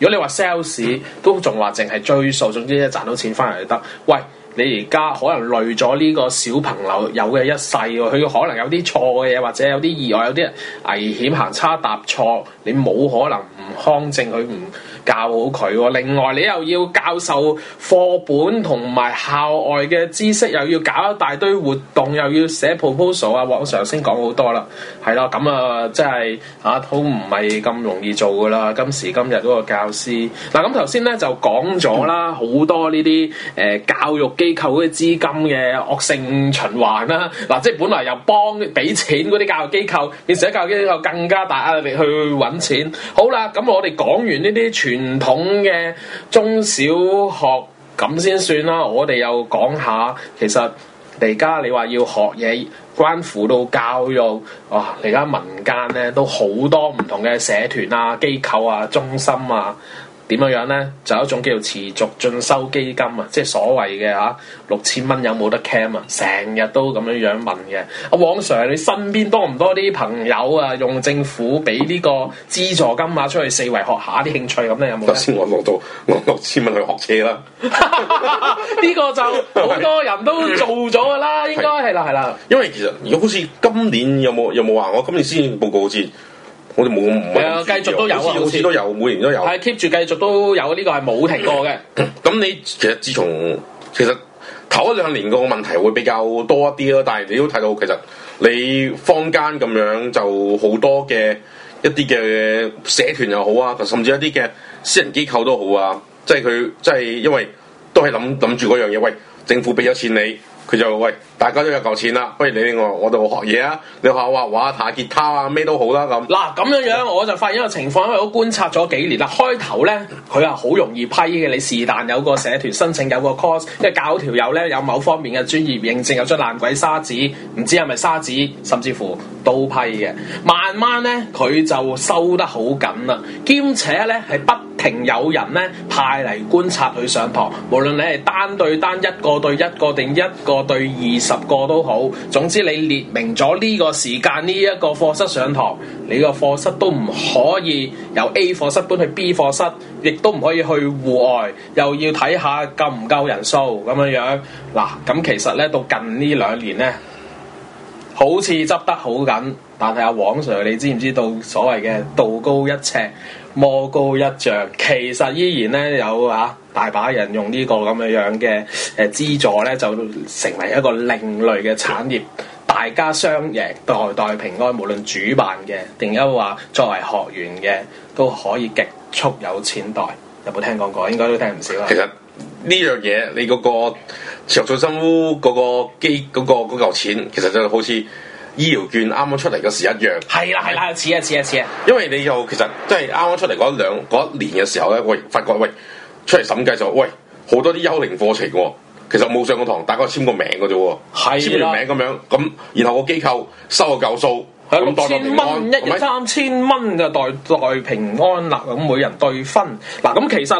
如果你話 sales 都仲話淨係追數，總之咧賺到錢翻嚟就得，喂。你而家可能累咗呢個小朋友有嘅一世佢、哦、可能有啲錯嘅嘢，或者有啲意外，有啲危險行差踏錯，你冇可能唔匡正佢唔，教好佢喎，另外你又要教授課本同埋校外嘅知識，又要搞一大堆活動，又要寫 proposal 啊，我頭先講好多啦，係啦，咁啊，即係啊，好唔係咁容易做噶啦，今時今日嗰個教師嗱，咁頭先咧就講咗啦，好多呢啲誒教育機構嗰啲資金嘅惡性循環啦，嗱，即係本來又幫俾錢嗰啲教育機構，變成教育機構更加大壓力去搵錢。好啦，咁 forgiven? 我哋講完呢啲傳統嘅中小學咁先算啦，我哋又講下，其實而家你話要學嘢，關乎到教育啊！而家民間咧都好多唔同嘅社團啊、機構啊、中心啊。點樣樣咧，就有一種叫做持續進修基金啊，即係所謂嘅吓六千蚊有冇得 can 啊？成日都咁樣樣問嘅。阿王 Sir，你身邊多唔多啲朋友啊，用政府俾呢個資助金啊，出去四圍學下啲興趣咁咧，有冇？頭先我攞到我，我，我六千蚊去學車啦，呢 個就好多人都做咗噶啦， 應該係啦，係啦的。因為其實如果好似今年有冇有冇話我今年先報告先。我哋冇，係啊、嗯，繼續都有啊，好似像像都有，每年都有。係 keep 住繼續都有呢、呢個係冇停過嘅。咁、嗯、你其實自從其實頭一兩年個問題會比較多一啲咯，但係你都睇到其實你坊間咁樣就好多嘅一啲嘅社團又好啊，甚至一啲嘅私人機構都好啊，即係佢即係因為都係諗諗住嗰樣嘢，喂，政府俾咗錢你，佢就喂。大家都有嚿錢啦，不如你我我度學嘢啊！你學畫畫、彈下吉他啊，咩都好啦咁。嗱咁樣樣，樣我就發現一個情況，因為我觀察咗幾年啦。開頭咧，佢係好容易批嘅，你是但有個社團申請有個 course，即係教條友咧有某方面嘅專業認證，有張爛鬼沙子，唔知係咪沙子，甚至乎都批嘅。慢慢咧，佢就收得好緊啦，兼且咧係不停有人咧派嚟觀察佢上堂，無論你係單對單一個對一個定一,一,一個對二。十個都好，總之你列明咗呢個時間呢一個課室上堂，你個課室都唔可以由 A 課室搬去 B 課室，亦都唔可以去戶外，又要睇下夠唔夠人數咁樣樣。嗱，咁其實咧到近呢兩年咧。好似執得好緊，但係阿黃 Sir，你知唔知道所謂嘅道高一尺，魔高一丈？其實依然咧有嚇、啊、大把人用這個這呢個咁樣樣嘅誒資助咧，就成為一個另類嘅產業，大家雙贏，代代平安。無論主辦嘅定抑或作為學員嘅，都可以極速有錢袋。有冇聽講過？應該都聽唔少啦。其實呢樣嘢，你嗰、那個。石俊生屋嗰個機嗰個嗰嚿錢，其實就好似醫療券啱啱出嚟嗰時一樣。係啦，係啦，似啊似啊，似啊！因為你又其實即係啱啱出嚟嗰兩一年嘅時候咧，喂，發覺喂，出嚟審計就喂，好多啲幽靈課程嘅，其實冇上過堂，大家我簽個名嘅啫，簽完名咁樣，咁然後個機構收個嚿數，係咁多，千蚊一三千蚊就代代平安啦，咁每人對分嗱，咁其實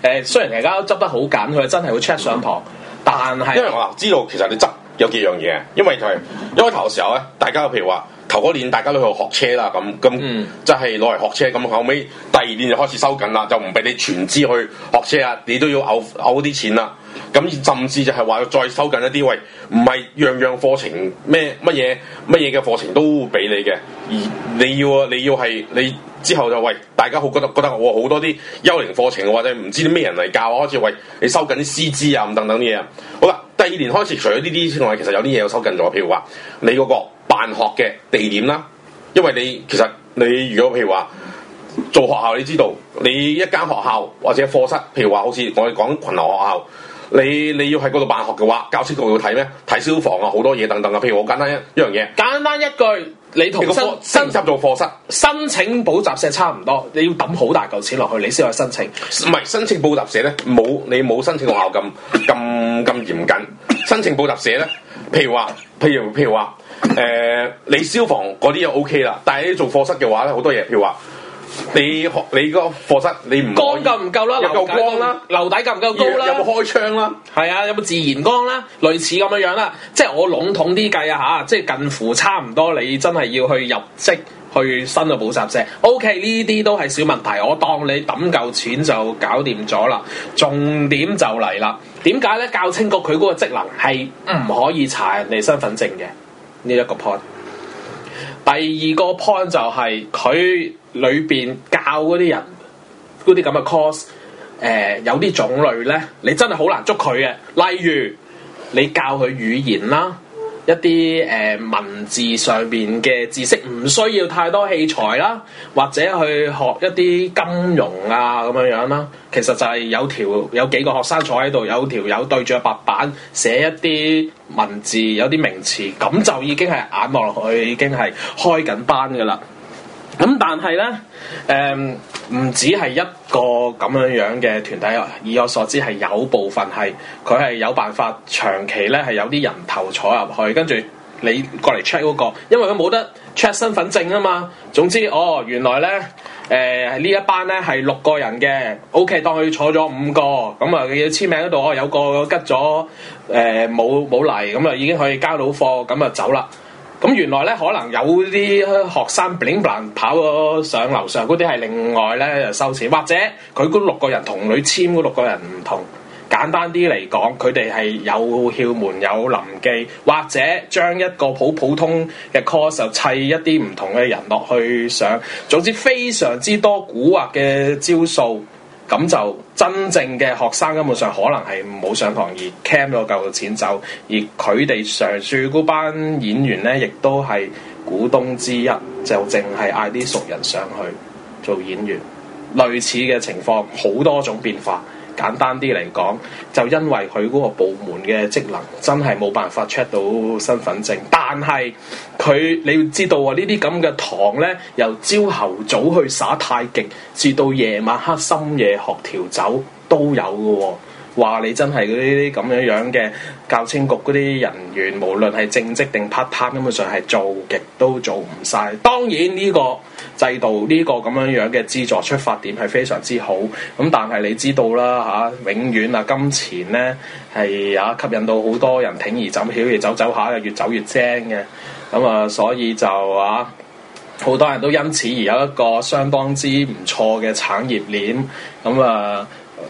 咧，誒，雖然而家執得好簡，佢真係會 check 上堂。但係，因為我知道其實你執有幾樣嘢，因為就係一開頭時候咧，大家譬如話頭嗰年大家都去學車啦，咁咁就係攞嚟學車，咁後尾第二年就開始收緊啦，就唔俾你全資去學車啊，你都要嘔嘔啲錢啦。咁甚至就係話再收緊一啲喂，唔係樣樣課程咩乜嘢乜嘢嘅課程都俾你嘅，而你要你要係你之後就喂，大家好覺得覺得我好多啲幽靈課程或者唔知啲咩人嚟教啊，開始喂你收緊啲師資啊，咁等等啲嘢。好啦，第二年開始除咗呢啲之外，其實有啲嘢要收緊咗，譬如話你嗰個辦學嘅地點啦，因為你其實你如果譬如話做學校，你知道你一間學校或者課室，譬如話好似我哋講群流學校。你你要喺嗰度辦學嘅話，教師局要睇咩？睇消防啊，好多嘢等等啊。譬如我簡單一一樣嘢，簡單一句，你同個課室做課室，申請補習社差唔多，你要抌好大嚿錢落去，你先可以申請。唔係申請補習社咧，冇你冇申請學校咁咁咁嚴謹。申請補習社咧，譬如話，譬如譬如話，誒、呃、你消防嗰啲又 OK 啦，但係做課室嘅話咧，好多嘢譬如話。你學你個課室，你唔光夠唔夠啦，夠光啦，樓底夠唔夠高啦，有冇開窗啦、啊？係啊，有冇自然光啦、啊？類似咁樣樣啦、啊，即係我籠統啲計啊吓，即係近乎差唔多。你真係要去入職去新嘅補習社，OK 呢啲都係小問題，我當你抌夠錢就搞掂咗啦。重點就嚟啦，點解咧？教青局佢嗰個職能係唔可以查人哋身份證嘅呢一個 point。第二個 point 就係、是、佢。裏邊教嗰啲人嗰啲咁嘅 course，誒、呃、有啲種類咧，你真係好難捉佢嘅。例如你教佢語言啦，一啲誒、呃、文字上邊嘅知識唔需要太多器材啦，或者去學一啲金融啊咁樣樣啦。其實就係有條有幾個學生坐喺度，有條友對住個白板寫一啲文字，有啲名詞，咁就已經係眼望落去已經係開緊班㗎喇。咁、嗯、但係咧，誒唔止係一個咁樣樣嘅團體啊，以我所知係有部分係佢係有辦法長期咧係有啲人頭坐入去，跟住你過嚟 check 嗰個，因為佢冇得 check 身份證啊嘛。總之，哦原來咧，誒、呃、呢一班咧係六個人嘅，OK 當佢坐咗五個，咁啊佢要簽名嗰度，有個吉咗，誒冇冇嚟，咁啊已經可以交到貨，咁啊走啦。咁原來咧，可能有啲學生 bling bling 跑咗上樓上，嗰啲係另外咧就收錢，或者佢嗰六個人同你簽嗰六個人唔同。簡單啲嚟講，佢哋係有竅門、有臨記，或者將一個好普通嘅 course 又砌一啲唔同嘅人落去上。總之，非常之多蠱惑嘅招數。咁就真正嘅學生根本上可能係唔好上堂而 cam 咗夠錢走，而佢哋常駐嗰班演員呢，亦都係股東之一，就淨係嗌啲熟人上去做演員，類似嘅情況好多種變化。簡單啲嚟講，就因為佢嗰個部門嘅職能真係冇辦法 check 到身份證，但係佢你要知道啊，呢啲咁嘅堂咧，由朝頭早去耍太極，至到夜晚黑深夜學調酒都有㗎喎。話你真係嗰啲咁樣樣嘅教青局嗰啲人員，無論係正職定 part time，根本上係做極都做唔晒。當然呢個制度呢個咁樣樣嘅資助出發點係非常之好，咁但係你知道啦嚇、啊，永遠啊金錢呢係啊吸引到好多人鋌而走險，而走走下越走越精嘅，咁啊所以就啊好多人都因此而有一個相當之唔錯嘅產業鏈，咁啊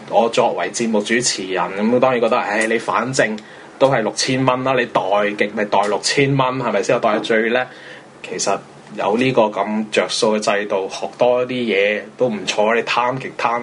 我作為節目主持人咁當然覺得唉、哎、你反正都係六千蚊啦，你代極咪代六千蚊係咪先？我代最叻，其實。有呢個咁着數嘅制度，學多啲嘢都唔錯。你貪極貪。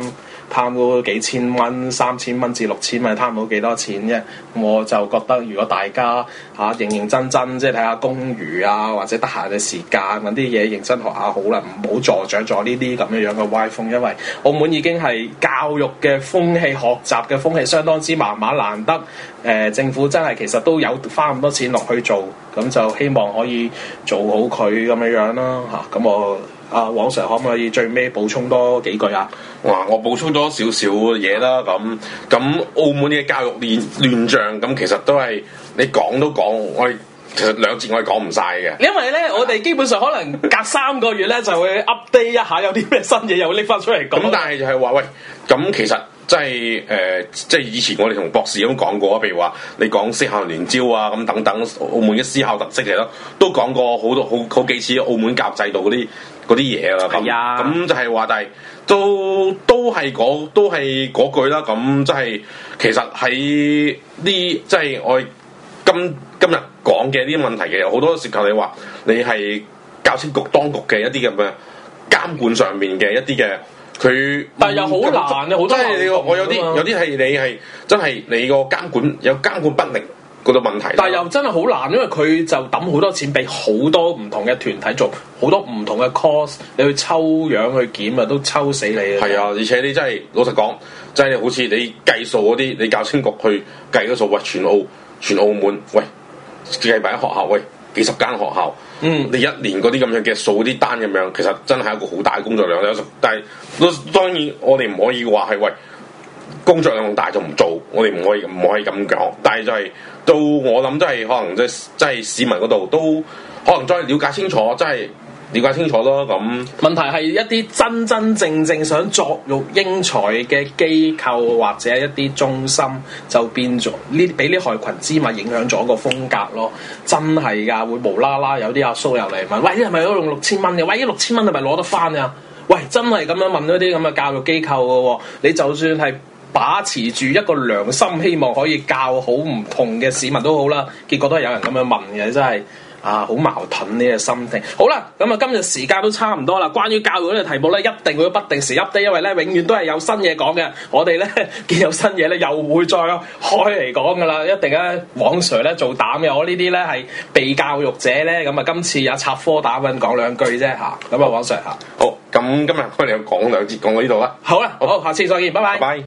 貪嗰幾千蚊、三千蚊至六千蚊，貪唔到幾多錢啫。我就覺得，如果大家嚇、啊、認認真真，即係睇下公餘啊，或者得閒嘅時間揾啲嘢認真學下好啦，唔好助長咗呢啲咁樣樣嘅歪風。因為澳門已經係教育嘅風氣、學習嘅風氣相當之麻麻難得。誒、呃，政府真係其實都有花咁多錢落去做，咁就希望可以做好佢咁樣樣啦。嚇、啊，咁、啊、我。啊啊啊啊啊啊，黃 Sir 可唔可以最尾補充多幾句啊？哇，我補充多少少嘢啦，咁咁澳門嘅教育亂亂象，咁其實都係你講都講，我其實兩節我係講唔晒嘅。因為咧，我哋基本上可能隔三個月咧 就會 update 一下有啲咩新嘢又拎翻出嚟講。咁但係就係話喂，咁其實即係誒，即、呃、係、即係、以前我哋同博士咁講過譬如話你講私校聯招啊，咁等等，澳門嘅私校特色嚟咯，都講過多好多好好幾次澳門教育制度嗰啲。嗰啲嘢啦，咁、啊、就係話，但係都都係嗰都係嗰句啦。咁即係其實喺呢，即係我今今日講嘅呢啲問題，嘅好多涉及你話你係教青局當局嘅一啲咁嘅監管上面嘅一啲嘅佢，但係又好難嘅，好多即係你我有啲有啲係你係真係你個監管有監管不力。嗰個問題，但係又真係好難，因為佢就抌好多錢俾好多唔同嘅團體做，做好多唔同嘅 course，你去抽樣去檢啊，都抽死你啊！係啊，而且你真係老實講，真係好似你計數嗰啲，你教青局去計嗰數，喂，全澳、全澳門，喂，計埋喺學校，喂，幾十間學校，嗯，你一年嗰啲咁樣嘅數嗰啲單咁樣，其實真係一個好大嘅工作量。但係，當然我哋唔可以話係喂。工作量大就唔做，我哋唔可以唔可以咁講。但係就係、是、到我諗都係可能即即係市民嗰度都可能再了解清楚，真係了解清楚咯。咁問題係一啲真真正正想作育英才嘅機構或者一啲中心，就變咗呢俾啲害群之物影響咗個風格咯。真係噶，會無啦啦有啲阿叔入嚟問，喂，你係咪都用六千蚊嘅？喂，呢六千蚊係咪攞得翻啊？喂，真係咁樣問咗啲咁嘅教育機構嘅，你就算係。把持住一個良心，希望可以教好唔同嘅市民都好啦。結果都係有人咁樣問嘅，真係啊好矛盾呢個心態。好啦，咁啊今日時間都差唔多啦。關於教育呢個題目咧，一定會不定時 update，因為咧永遠都係有新嘢講嘅。我哋咧見有新嘢咧，又會再開嚟講噶啦。一定啊，往常 i 咧做膽嘅，我呢啲咧係被教育者咧，咁啊今次也插科打韻講兩句啫吓，咁啊，往常。i 好，咁、啊、今日我哋講兩節，講到呢度啦。好啦，好，好好，下次再見，拜拜。